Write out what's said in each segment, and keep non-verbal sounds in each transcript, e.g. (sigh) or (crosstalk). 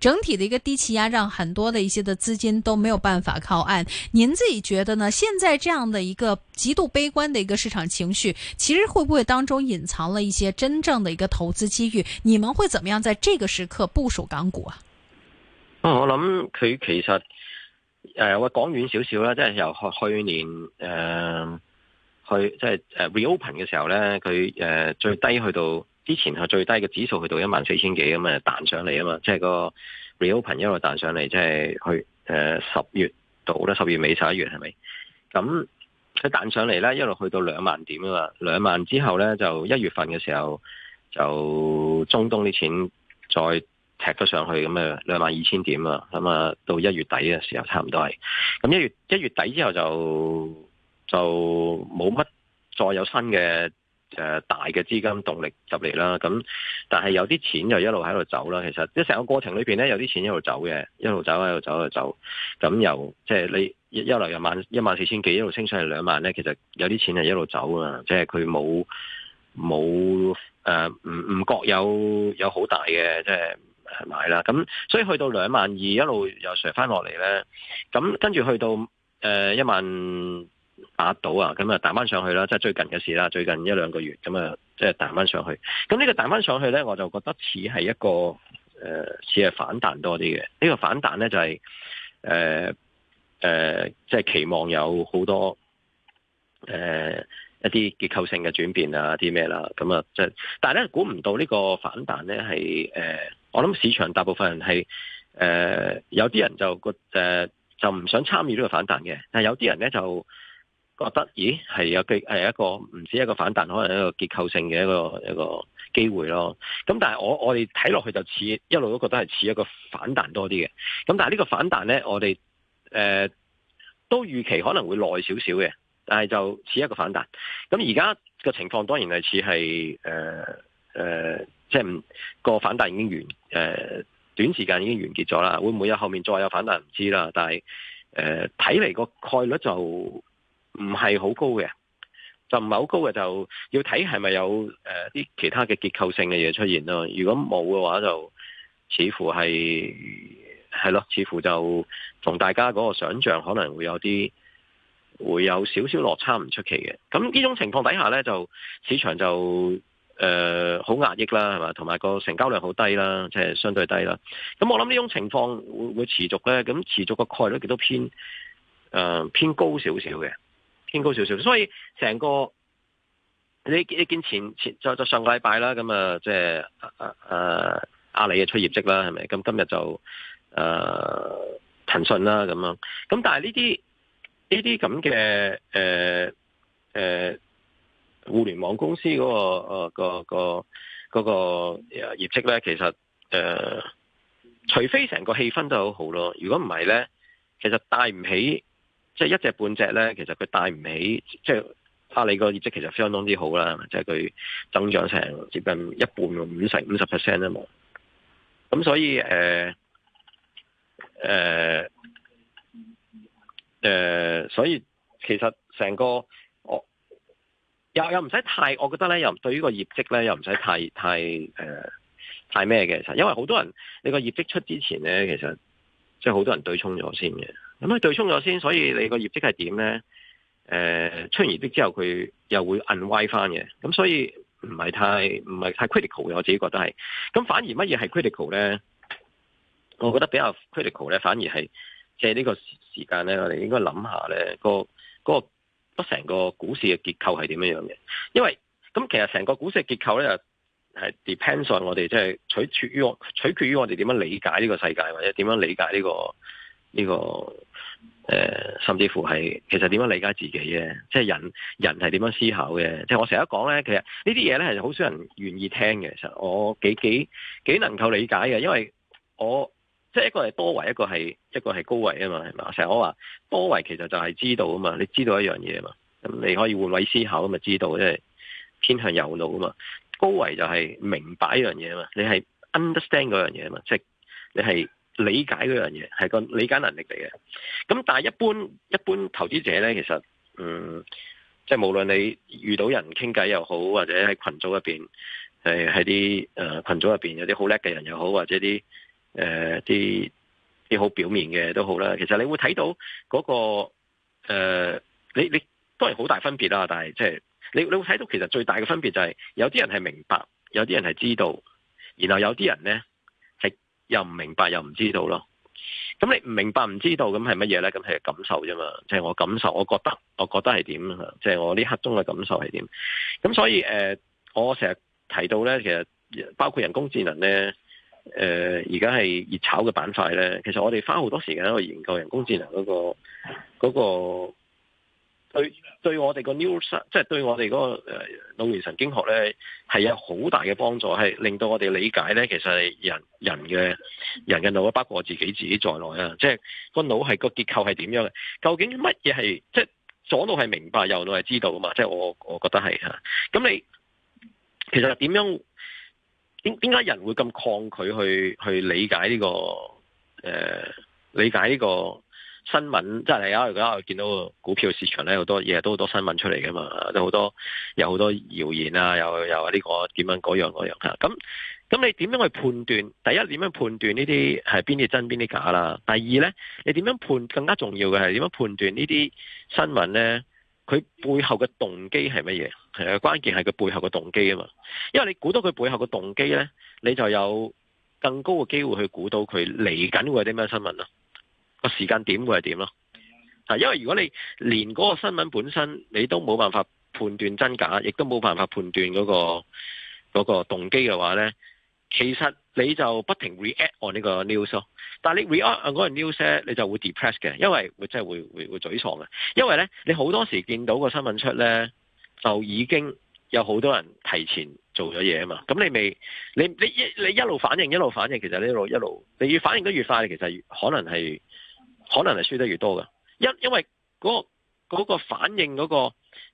整體的一個低氣壓讓很多的一些的資金都沒有辦法靠岸。您自己覺得呢？現在這樣的一個極度悲觀的一個市場情緒，其實會不會當中隱藏了一些真正的一個投資機遇？你們會怎麼樣在這個時刻部署港股啊？啊、哦，我諗佢其實誒、呃，我講遠少少啦，即係由去年誒、呃、去即係誒 reopen 嘅時候咧，佢誒、呃、最低去到。之前係最低嘅指數去到一萬四千幾，咁誒彈上嚟啊嘛，即係個 reopen 一路彈上嚟，即係去誒十月度咧，十月尾十一月係咪？咁佢彈上嚟咧，一路去到兩萬點啊嘛，兩萬之後咧就一月份嘅時候就中東啲錢再踢咗上去咁誒，兩萬二千點啊，咁啊到一月底嘅時候差唔多係，咁一月一月底之後就就冇乜再有新嘅。誒，大嘅資金動力入嚟啦，咁但係有啲錢就一路喺度走啦。其實即係成個過程裏面咧，有啲錢一路走嘅，一路走一路走一路走。咁由即係、就是、你一嚟又萬一萬四千幾一路升上去兩萬咧，其實有啲錢係一路走啊，即係佢冇冇誒，唔唔覺有、呃、有好大嘅即係買啦。咁所以去到兩萬二一路又上翻落嚟咧，咁跟住去到誒、呃、一萬。壓到啊！咁啊，彈翻上去啦，即係最近嘅事啦，最近一兩個月咁啊，即係彈翻上去。咁呢個彈翻上去咧，我就覺得似係一個誒，似係反彈多啲嘅。呢個反彈咧就係誒誒，即係期望有好多誒一啲結構性嘅轉變啊，啲咩啦。咁啊，即係但係咧，估唔到呢個反彈咧係誒，我諗市場大部分人係誒有啲人就個誒就唔想參與呢個反彈嘅，但係有啲人咧就。覺得咦，係有嘅，係一個唔止一,一個反彈，可能一個結構性嘅一個一個機會咯。咁但係我我哋睇落去就似一路都覺得係似一個反彈多啲嘅。咁但係呢個反彈呢，我哋誒、呃、都預期可能會耐少少嘅，但係就似一個反彈。咁而家個情況當然係似係誒誒，即係個反彈已經完誒、呃，短時間已經完結咗啦。會唔會有後面再有反彈唔知啦。但係誒睇嚟個概率就。唔係好高嘅，就唔係好高嘅，就要睇係咪有誒啲其他嘅結構性嘅嘢出現咯。如果冇嘅話，就似乎係係咯，似乎就同大家嗰個想像可能會有啲會有少少落差，唔出奇嘅。咁呢種情況底下呢，就市場就誒好壓抑啦，係嘛？同埋個成交量好低啦，即係相對低啦。咁我諗呢種情況會會持續呢，咁持續個概率亦都偏誒偏高少少嘅。偏高少少，所以成個你你見前前就就上個禮拜啦，咁啊，即係誒阿里嘅出業績啦，係咪？咁今日就誒騰訊啦，咁、啊、樣。咁但係呢啲呢啲咁嘅誒誒互聯網公司嗰、嗰個誒、呃嗰個個嗰、嗰個業績咧，其實誒、呃、除非成個氣氛都好好咯，如果唔係咧，其實帶唔起。即、就、係、是、一隻半隻咧，其實佢帶唔起。即係阿你個業績其實相當之好啦，即係佢增長成接近一半，五成五十 percent 都冇。咁所以誒誒誒，所以其實成個我又又唔使太，我覺得咧，又對於呢個業績咧，又唔使太太、呃、太咩嘅。因為好多人，你個業績出之前咧，其實即係好多人對沖咗先嘅。咁佢對沖咗先，所以你個業績係點咧？誒、呃，出完業績之後，佢又會摁歪翻嘅。咁所以唔係太唔係太 critical 嘅，我自己覺得係。咁反而乜嘢係 critical 咧？我覺得比較 critical 咧，反而係借呢個時間咧，我哋應該諗下咧，嗰個嗰不成個股市嘅結構係點樣樣嘅。因為咁其實成個股市嘅結構咧，係 depends on 我哋，即、就、係、是、取決於我，取決於我哋點樣理解呢個世界，或者點樣理解呢、這個。呢、這個誒、呃，甚至乎係其實點樣理解自己嘅？即係人，人係點樣思考嘅？即係我成日講咧，其實呢啲嘢咧係好少人願意聽嘅。其實我幾幾幾能夠理解嘅，因為我即係一個係多維，一個係一個係高維啊嘛，係嘛？成日我話多維其實就係知道啊嘛，你知道一樣嘢啊嘛，咁你可以換位思考啊嘛，知道即係偏向右腦啊嘛。高維就係明白一樣嘢啊嘛，你係 understand 嗰樣嘢啊嘛，即係你係。理解嗰樣嘢係個理解能力嚟嘅，咁但係一般一般投資者呢，其實嗯，即係無論你遇到人傾偈又好，或者喺群組入邊，誒喺啲誒群組入邊有啲好叻嘅人又好，或者啲誒啲啲好表面嘅都好啦。其實你會睇到嗰個誒，你你都係好大分別啦。但係即係你你會睇到其實最大嘅分別就係有啲人係明白，有啲人係知道，然後有啲人呢。又唔明白又唔知道咯，咁你唔明白唔知道咁係乜嘢呢？咁係感受啫嘛，即係我感受，我覺得，我覺得係點？即係我呢刻中嘅感受係點？咁所以誒、呃，我成日提到呢，其實包括人工智能呢，誒而家係熱炒嘅板塊呢。其實我哋花好多時間去研究人工智能嗰個嗰個。嗰個對對，我哋個 new 即係對我哋個誒腦源神經學咧，係有好大嘅幫助，係令到我哋理解咧，其實係人人嘅人嘅腦，包括我自己自己在內啊，即係個腦係個結構係點樣嘅？究竟乜嘢係即係左腦係明白，右腦係知道啊嘛？即係我我覺得係啊。咁你其實點樣？點點解人會咁抗拒去去理解呢個誒？理解呢個？新聞即係而家，而家我見到個股票市場咧好多嘢都好多新聞出嚟嘅嘛，有好多有好多謠言啊，又又呢個點樣嗰樣嗰樣。咁咁你點樣去判斷？第一點樣判斷呢啲係邊啲真邊啲假啦？第二咧，你點樣判？更加重要嘅係點樣判斷呢啲新聞咧？佢背後嘅動機係乜嘢？係啊，關鍵係佢背後嘅動機啊嘛。因為你估到佢背後嘅動機咧，你就有更高嘅機會去估到佢嚟緊會有啲咩新聞啦。時間點會係點咯？啊，因為如果你連嗰個新聞本身你都冇辦法判斷真假，亦都冇辦法判斷嗰個嗰個動機嘅話咧，其實你就不停 react on 呢個 news 咯。但係你 react on 個 news 咧，你就會 depress 嘅，因為會真係會會會沮喪嘅。因為咧，你好多時見到個新聞出咧，就已經有好多人提前做咗嘢啊嘛。咁你未，你你，你一你一路反應一路反應，其實一路一路，你越反應得越快，你其實可能係。可能係輸得越多噶，因因為嗰個嗰個反應嗰個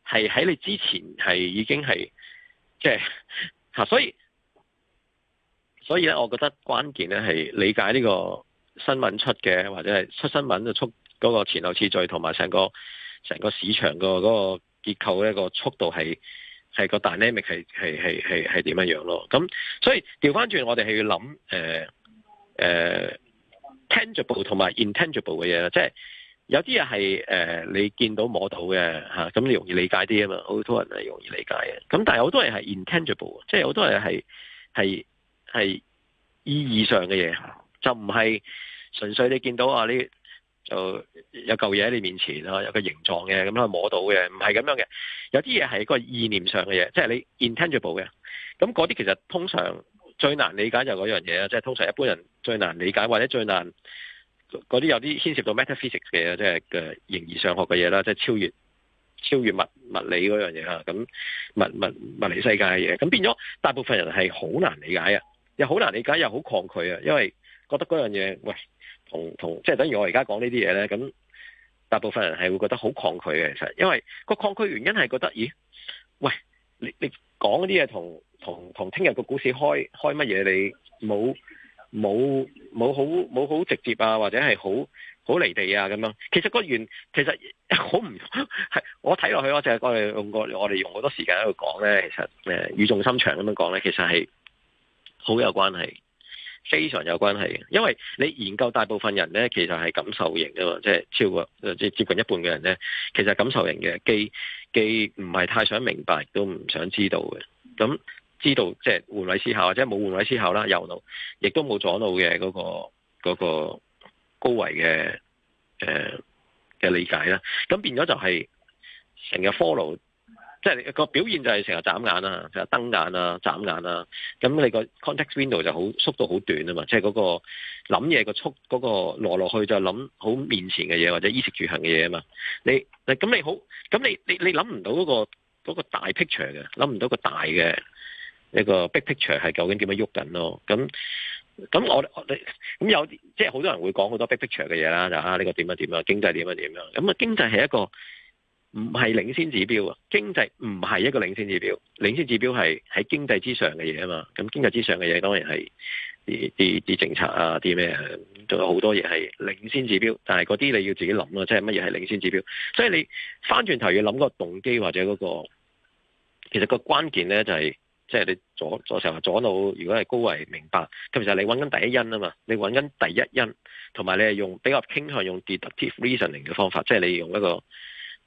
係喺你之前係已經係即係吓，所以所以咧，我覺得關鍵咧係理解呢個新聞出嘅或者係出新聞嘅速嗰個前後次序，同埋成個成個市場個嗰個結構咧，個速度係係個 dynamic 係係係係點樣樣咯。咁所以調翻轉，我哋係要諗誒誒。呃 tangible 同埋 intangible 嘅嘢即係有啲嘢係誒你見到摸到嘅吓、啊、咁你容易理解啲啊嘛，好多人係容易理解嘅。咁但係好多人係 intangible，即係好多人係係係意義上嘅嘢，就唔係純粹你見到啊，你就有嚿嘢喺你面前啊，有個形狀嘅咁樣去摸到嘅，唔係咁樣嘅。有啲嘢係個意念上嘅嘢，即係你 intangible 嘅。咁嗰啲其實通常。最難理解就嗰樣嘢啊，即係通常一般人最難理解，或者最難嗰啲有啲牽涉到 metaphysics 嘅，即係嘅形而上學嘅嘢啦，即係超越超越物物理嗰樣嘢啦，咁物物物理世界嘅嘢，咁變咗大部分人係好難理解啊，又好難理解，又好抗拒啊，因為覺得嗰樣嘢，喂，同同即係等於我而家講呢啲嘢咧，咁大部分人係會覺得好抗拒嘅，其實，因為個抗拒原因係覺得，咦、哎，喂，你你講嗰啲嘢同。同同聽日個股市開開乜嘢，你冇冇冇好冇好直接啊，或者係好好離地啊咁樣？其實個原其實好唔係我睇落去，我就我哋用過我哋用好多時間喺度講咧，其實誒、呃、語重心長咁樣講咧，其實係好有關係，非常有關係嘅。因為你研究大部分人咧，其實係感受型㗎嘛，即係超過即係接近一半嘅人咧，其實感受型嘅，既既唔係太想明白，都唔想知道嘅咁。知道即係換位思考，或者冇換位思考啦。右腦亦都冇左腦嘅嗰個高維嘅誒嘅理解啦。咁變咗就係成日 follow，即係個表現就係成日眨眼啊，成日瞪眼啊，眨眼啊。咁你個 context window 就好縮到好短啊嘛，即係嗰個諗嘢個速嗰個落落去就諗好面前嘅嘢或者衣食住行嘅嘢啊嘛。你咁你好咁你你你諗唔到嗰個嗰個大 picture 嘅諗唔到個大嘅。一個 big picture 係究竟點樣喐緊咯？咁咁我我咁有即係好多人會講好多 big picture 嘅嘢啦，就是、啊呢、這個點樣點樣經濟點樣點樣咁啊？經濟係一個唔係領先指標啊，經濟唔係一個領先指標，領先指標係喺經濟之上嘅嘢啊嘛。咁經濟之上嘅嘢當然係啲啲啲政策啊，啲咩仲有好多嘢係領先指標，但係嗰啲你要自己諗咯，即係乜嘢係領先指標？所以你翻轉頭要諗個動機或者嗰、那個，其實個關鍵咧就係、是。即係你左左成日左腦，如果係高維明白，咁其實你揾緊第一因啊嘛，你揾緊第一因，同埋你係用比較傾向用 deductive reasoning 嘅方法，即係你用一個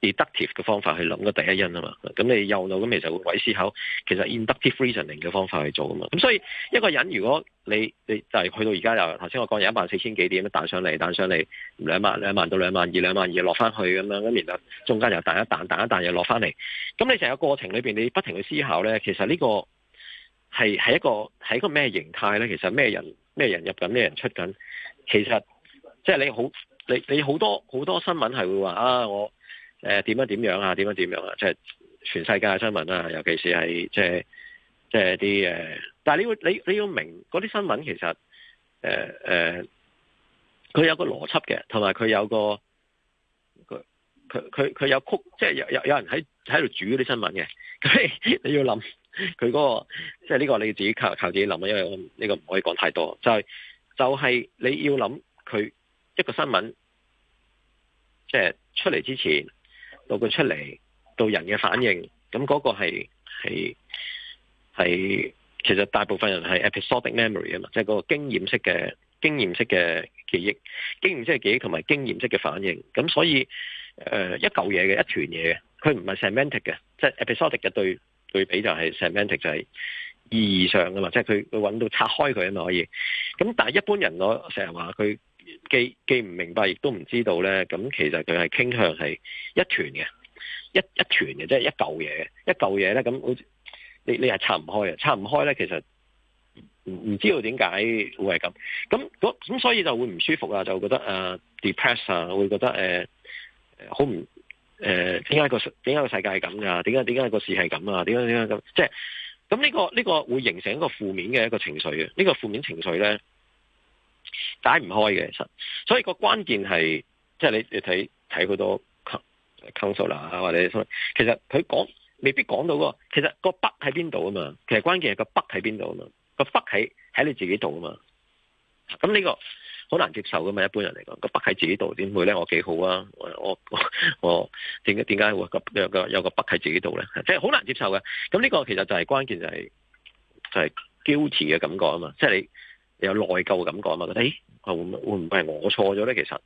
deductive 嘅方法去諗個第一因啊嘛，咁你右腦咁其實會鬼思考，其實 inductive reasoning 嘅方法去做啊嘛。咁所以一個人如果你你就係去到而家又頭先我講有一萬四千幾點彈上嚟，彈上嚟兩萬兩萬到兩萬二，兩萬二落翻去咁樣，咁然後呢，中間又彈一彈，彈一彈又落翻嚟，咁你成個過程裏面，你不停去思考咧，其實呢個係係一個係一個咩形態咧？其實咩人咩人入緊，咩人出緊？其實即係你好你你好多好多新聞係會話啊我。誒、呃，點樣點樣啊？點樣點樣啊？即係全世界嘅新聞啊，尤其是係即係即係啲誒，但係你要你你要明嗰啲新聞其實誒誒，佢、呃呃、有個邏輯嘅，同埋佢有，佢有個個佢佢佢有曲，即係有有有人喺喺度煮嗰啲新聞嘅，你要諗佢嗰個，即係呢個你自己靠靠自己諗啊，因為這我呢個唔可以講太多，就係、是、就係、是、你要諗佢一個新聞即係出嚟之前。到佢出嚟，到人嘅反應，咁嗰個係係係，其實大部分人係 episodic memory 啊嘛，即係個經驗式嘅經驗式嘅記憶，經驗式嘅記憶同埋經驗式嘅反應，咁所以誒、呃、一嚿嘢嘅一團嘢嘅，佢唔係 semantic 嘅，即係 episodic 嘅對對比就係 semantic，就係意義上啊嘛，即係佢佢揾到拆開佢啊嘛，可以，咁但係一般人我成日話佢。既既唔明白，亦都唔知道咧。咁其實佢係傾向係一團嘅，一一團嘅，即係一嚿嘢。一嚿嘢咧，咁好似你你係拆唔開嘅，拆唔開咧，其實唔唔、就是、知道點解會係咁。咁咁咁所以就會唔舒服啊，就會覺得誒、啊、depress 啊，會覺得誒好唔誒，點、啊、解、啊，這個點解個世界係咁噶？點解點解個事係咁啊？點解點解咁？即係咁呢個呢、呢個會形成一個負面嘅一個情緒嘅。呢、呢個負面情緒咧。解唔開嘅，所以個關鍵係即係你要睇睇好多 counselor 或者，其實佢講未必講到嗰個，其實個北喺邊度啊嘛，其實關鍵係個北喺邊度啊嘛，個北喺喺你自己度啊嘛，咁呢個好難接受噶嘛，一般人嚟講個北喺自己度，點會咧？我幾好啊，我我我點解點解會個有個有個北喺自己度咧？即係好難接受嘅，咁呢個其實就係關鍵就係就係 guilty 嘅感覺啊嘛，即係你。有內疚感覺啊嘛？覺得，誒、欸，會會唔會係我錯咗呢？其實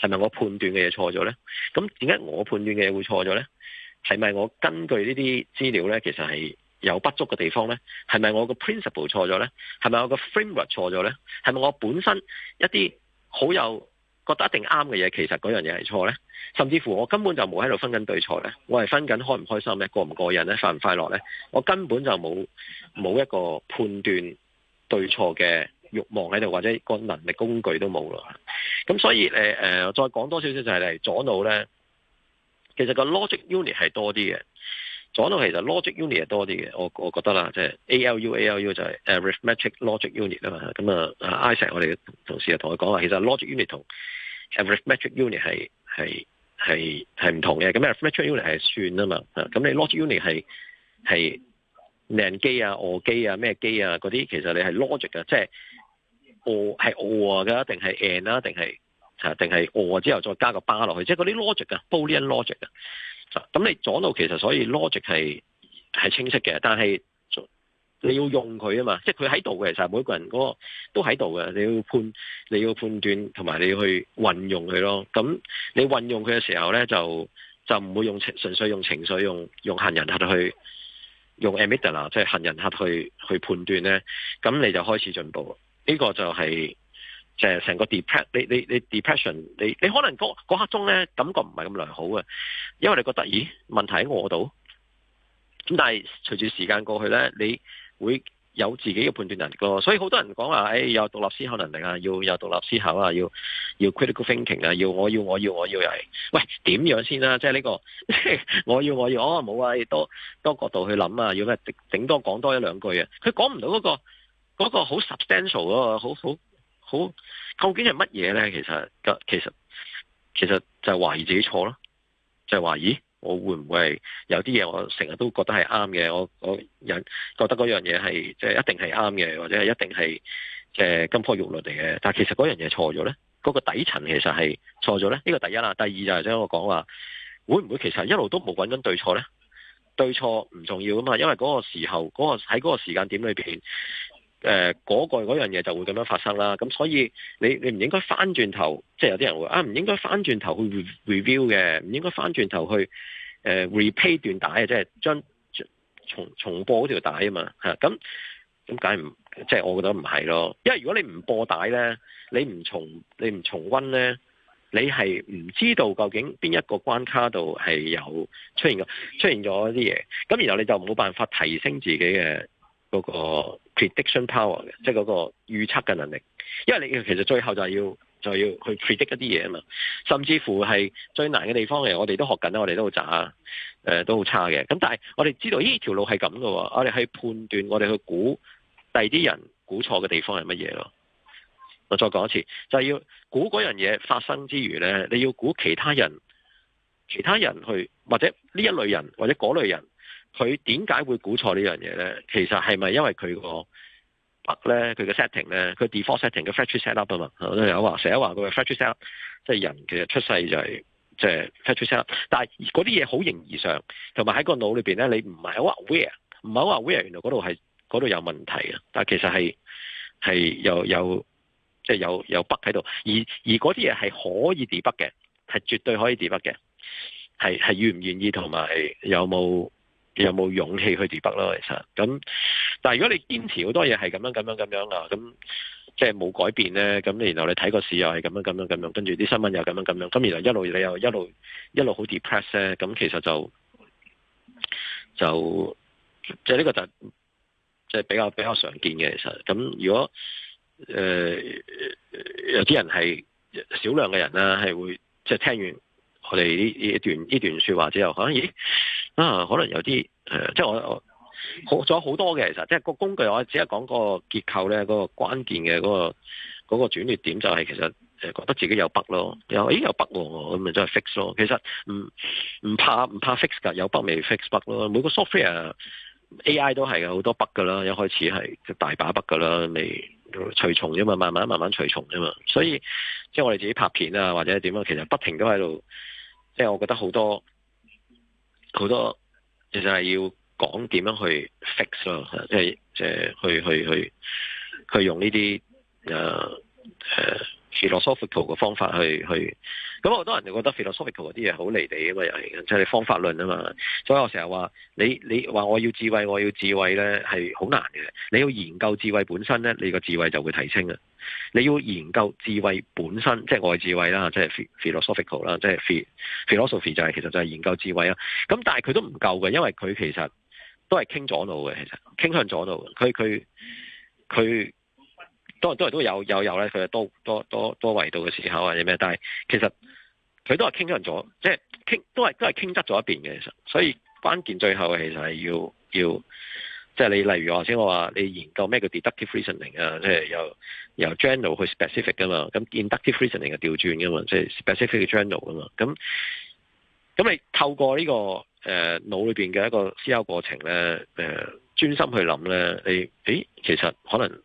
係咪我判斷嘅嘢錯咗呢？咁點解我判斷嘅嘢會錯咗呢？係咪我根據呢啲資料呢？其實係有不足嘅地方呢？係咪我個 principle 錯咗呢？係咪我個 framework 錯咗呢？係咪我本身一啲好有覺得一定啱嘅嘢，其實嗰樣嘢係錯呢？甚至乎我根本就冇喺度分緊對錯呢？我係分緊開唔開心呢？過唔過癮呢？快唔快樂呢？我根本就冇冇一個判斷對錯嘅。欲望喺度，或者個能力工具都冇咯。咁所以誒誒、呃，再講多少少就係嚟左腦咧。其實個 logic unit 係多啲嘅，左腦其實 logic unit 係多啲嘅。我我覺得啦，即係 ALU、ALU 就係 arithmetic logic unit 啊嘛。咁啊，Isaac，我哋同事又同佢講話，其實 logic unit 同 arithmetic unit 係係係係唔同嘅。咁 arithmetic unit 係算啊嘛，咁你 logic unit 係係靚機啊、餓機啊、咩機啊嗰啲，其實你係 logic 啊，即係。呃、or 係 or 定係 and 定係啊，定係 or 之後再加個巴落去，即係嗰啲 logic 啊、mm -hmm. boolean logic 啊。咁你講到其實，所以 logic 係係清晰嘅，但係你要用佢啊嘛，即係佢喺度嘅，其實每個人嗰個都喺度嘅。你要判，你要判斷，同埋你要去運用佢咯。咁你運用佢嘅時候咧，就就唔會用純粹用情緒，用用杏仁核去用 emitter 啦，即係杏仁核去去判斷咧。咁你就開始進步。呢、這個就係即係成個 depress，你你你 depression，你你可能嗰刻鐘咧感覺唔係咁良好啊，因為你覺得，咦？問題喺我度。咁但係隨住時間過去咧，你會有自己嘅判斷能力咯。所以好多人講話，誒、哎，有獨立思考能力啊，要有獨立思考啊，要要 critical thinking 啊，要我要我要我要嚟，喂，點樣先啦、啊？即係呢個， (laughs) 我要我要，哦，冇啊，多多角度去諗啊，要咩？頂頂多講多一兩句啊，佢講唔到嗰個。嗰、那個好 substantial 嗰好好好，究竟係乜嘢呢？其實，其實其實就懷疑自己錯咯，就懷、是、疑我會唔會有啲嘢我成日都覺得係啱嘅，我我人覺得嗰樣嘢係即係一定係啱嘅，或者係一定係誒、呃、金科玉律嚟嘅。但其實嗰樣嘢錯咗呢，嗰、那個底層其實係錯咗呢。呢、這個第一啦，第二就係即我講話，會唔會其實一路都冇揾緊對錯呢？對錯唔重要啊嘛，因為嗰個時候喺嗰、那個、個時間點裏面。」誒嗰個嗰樣嘢就會咁樣發生啦，咁所以你你唔應該翻轉頭，即係有啲人會啊唔應該翻轉頭去 review 嘅，唔應該翻轉頭去誒 repeat 段帶啊，即係將重重播嗰條帶啊嘛嚇，咁咁梗係唔即係我覺得唔係咯，因為如果你唔播帶呢，你唔重你唔重溫呢，你係唔知道究竟邊一個關卡度係有出現個出現咗啲嘢，咁然後你就冇辦法提升自己嘅。嗰個 prediction power 嘅，即係嗰個預測嘅能力。因為你其實最後就係要就係要去 predict 一啲嘢啊嘛，甚至乎係最難嘅地方嘅，我哋都學緊啦，我哋都好渣，誒都好差嘅。咁但係我哋知道呢條路係咁嘅，我哋去判斷，我哋去估第二啲人估錯嘅地方係乜嘢咯。我再講一次，就係、是、要估嗰樣嘢發生之餘咧，你要估其他人、其他人去或者呢一類人或者嗰類人。佢點解會估錯呢樣嘢咧？其實係咪因為佢個 bug 咧，佢嘅 setting 咧，佢 default setting 嘅 factory set up 啊嘛？都有話成日話個 factory set up，即係人其實出世就係即係 factory set up。但係嗰啲嘢好形而上，同埋喺個腦裏面咧，你唔係好 aware，唔係好 aware，原來嗰度係嗰度有問題，但其實係係有有即係、就是、有有 bug 喺度，而而嗰啲嘢係可以 debug 嘅，係絕對可以 debug 嘅。係係願唔願意同埋有冇？你有冇勇氣去跌北咯？其實咁，但如果你堅持好多嘢係咁樣咁樣咁樣啊，咁即係冇改變咧，咁然後你睇個市又係咁樣咁樣咁樣，跟住啲新聞又咁樣咁樣，咁然後一路你又一路一路好 depress 呢。咧，咁其實就就即係呢個就即係比較、就是、比較常見嘅其實咁。如果誒、呃、有啲人係少量嘅人啦，係會即係聽完。我哋呢呢段呢段說話之後，可能咦啊，可能有啲、呃、即係我我好仲有好多嘅其實，即係個工具，我只係講個結構咧，嗰、嗰個關鍵嘅嗰個嗰、嗰個轉捩點就係、係、其實誒，覺得自己有 bug 咯，然後咦有 bug 喎，咁咪即係 fix 咯。其實唔唔怕唔怕 fix 㗎，有 bug 咪 fix bug 咯。每個 software AI 都係有好多 bug 㗎啦，一開始係大把 bug 㗎啦，未除蟲啫嘛，慢慢慢慢除蟲啫嘛。所以即係我哋自己拍片啊，或者點啊，其實不停都喺度。即係我覺得好多好多，其實係要講點樣去 fix 咯，即係即係去去去去用呢啲誒誒 philosophical 嘅方法去去。咁好多人就覺得 philosophical 嗰啲嘢好離地啊嘛，又係即係方法論啊嘛，所以我成日話你你話我要智慧，我要智慧咧係好難嘅。你要研究智慧本身咧，你個智慧就會提升啊。你要研究智慧本身，即係愛智慧啦，即係 philosophical 啦，即係 phil philosophy 就係其實就係研究智慧啊。咁、就是就是就是、但係佢都唔夠嘅，因為佢其實都係傾左腦嘅，其實傾向左腦，佢佢佢。都都都有有有咧，佢係多多多多維度嘅思考啊，或者咩？但係其實佢都係傾咗，即係傾都係都係傾側咗一邊嘅。其實，所以關鍵最後其實係要要，即係你例如我頭先我話，你研究咩叫 deductive reasoning 啊？即係由由 general 去 specific 噶嘛，咁 inductive reasoning 就調轉噶嘛，即係 specific 嘅 general 噶嘛。咁咁你透過呢、呢個誒、呃、腦裏面嘅一個思考過程咧，呃專心去諗咧，你誒其實可能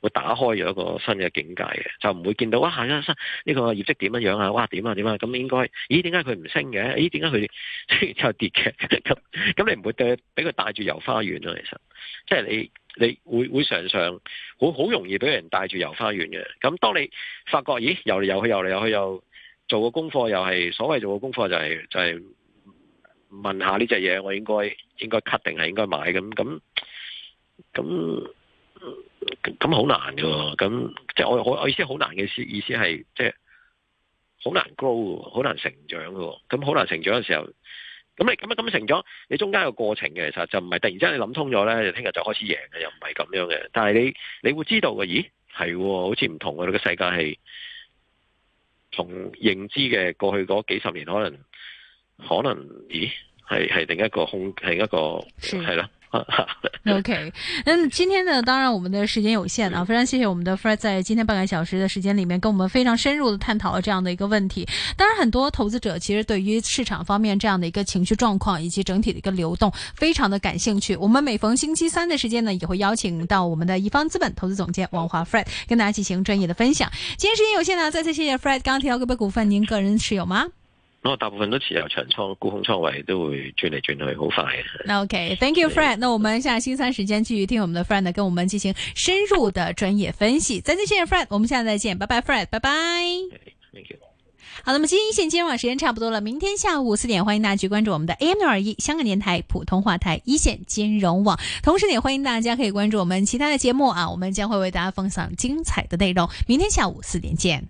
會打開咗一個新嘅境界嘅，就唔會見到哇，呢、這個業績點樣樣啊，哇點啊點啊，咁、啊、應該咦點解佢唔升嘅？咦點解佢升完之後跌嘅的？咁 (laughs) 咁你唔會對俾佢帶住遊花園咯、啊，其實即係、就是、你你會會常常好好容易俾人帶住遊花園嘅。咁當你發覺咦又嚟又去又嚟又去又做個功課，又係所謂做個功課就係、是、就係、是。問一下呢隻嘢，我應該應該 cut 定係應該買咁咁咁咁，好難嘅，咁即係我好我，我意思好難嘅意思意係即係好難 grow 好難成長嘅，咁好難成長嘅時候，咁你咁啊咁成咗，你中間個過程嘅其實就唔係突然之間你諗通咗咧，聽日就開始贏嘅，又唔係咁樣嘅。但係你你會知道嘅，咦係好似唔同嘅，這個世界係從認知嘅過去嗰幾十年可能。可能，咦，係係另一個空，係一個係啦。 (laughs) o、okay. K，嗯，今天呢，當然我們的時間有限啊、嗯，非常謝謝我們的 Fred，在今天半個小時的時間裏面，跟我們非常深入的探討了這樣的一個問題。當然，很多投資者其實對於市場方面這樣的一個情緒狀況以及整體的一個流動，非常的感興趣。我們每逢星期三的時間呢，也會邀請到我們的一方資本投資總監王華 Fred，跟大家進行專業的分享。今天時間有限啊，再次謝謝 Fred。剛，剛提到個別股份，您個人持有嗎？我大部分都持有長倉，沽空倉位都會轉嚟轉去，好、okay, 快。那 OK，Thank you，Fred。那我們下星期三時間繼續聽我們的 Fred 跟我們進行深入的專業分析。再見，謝謝 Fred。我們下次再見，拜拜 Fred，拜拜。Thank you。好，那麼今天一線金融網時間差不多了，明天下午四點，歡迎大家去關注我們的 AM621 香港電台普通話台一線金融網。同時也歡迎大家可以關注我們其他的節目啊，我們將會為大家奉上精彩的內容。明天下午四點見。